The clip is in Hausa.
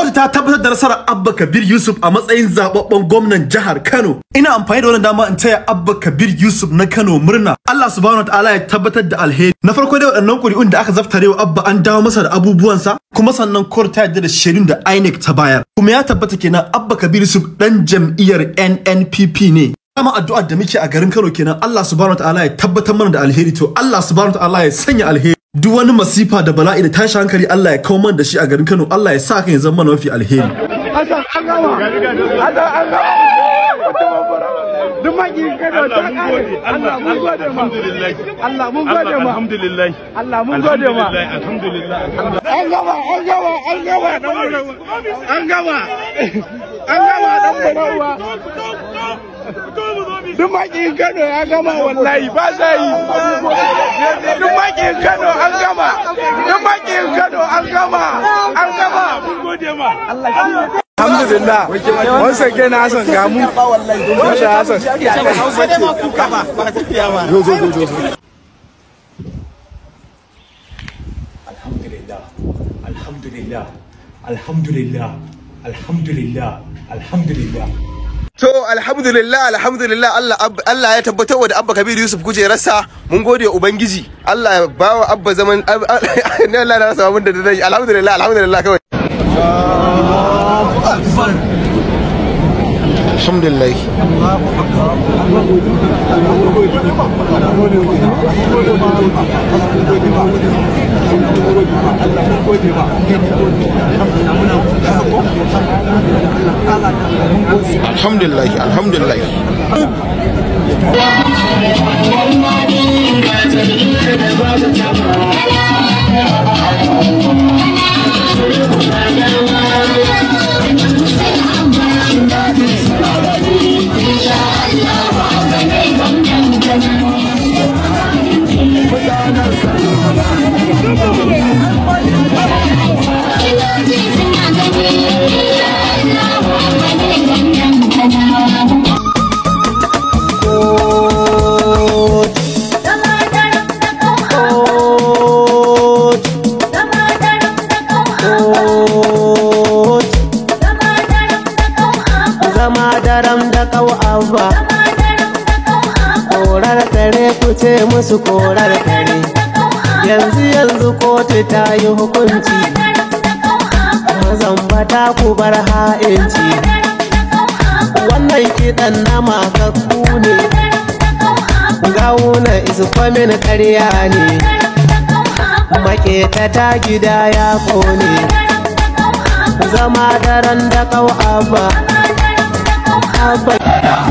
kotu ta tabbatar da nasarar Abba Kabir Yusuf a matsayin zababben gwamnan jihar Kano. Ina amfani da wannan dama in taya Abba Kabir Yusuf na Kano murna. Allah subhanahu wataala ya tabbatar da alheri. Na farko dai waɗannan ƙuri'un da aka zaftare wa Abba an dawo masa da abubuwansa kuma sannan kotu ta yarda da shaidun da INEC ta bayar. Kuma ya tabbata kenan Abba Kabir Yusuf dan jam'iyyar NNPP ne. Dama addu'ar da muke a garin Kano kenan Allah subhanahu wataala ya tabbatar mana da alheri to Allah subhanahu wataala ya sanya alheri. duk wani masifa da bala'i da tashi hankali Allah ya kawo man da shi a garin Kano Allah ya sa kan ya zama mana mafi alheri Hassan an gama Hassan an gama ta Allah mun gode ma Allah mun gode ma Allah mun gode ma an gama an gama an gama an gama an gama An duk makin kano ya gama wallahi ba sa yi duk makin kano an gama duk kano an gama an gama mun gode ma alhamdulillah once again ga alhamdulillah alhamdulillah alhamdulillah alhamdulillah To alhamdulillah alhamdulillah Allah Allah ya tabbatar wa da Abba Kabir Yusuf kujerarsa mun gode wa Ubangiji Allah ya ba wa Abba zaman ne Allah ya rasa mun da dai alhamdulillah alhamdulillah kawai Alhamdulillah Allahu alhamdulillah alhamdulillah zama daram da ƙau'abba korar kare ku ce musu korar kare yanzu yanzu kotu ta yi hukunci mazan ta ku bar ha'inci wannan kiɗan na makakku ne gawuna isfamin karya ne maketa ta gida ya kone zama daren da ƙau'abba I'll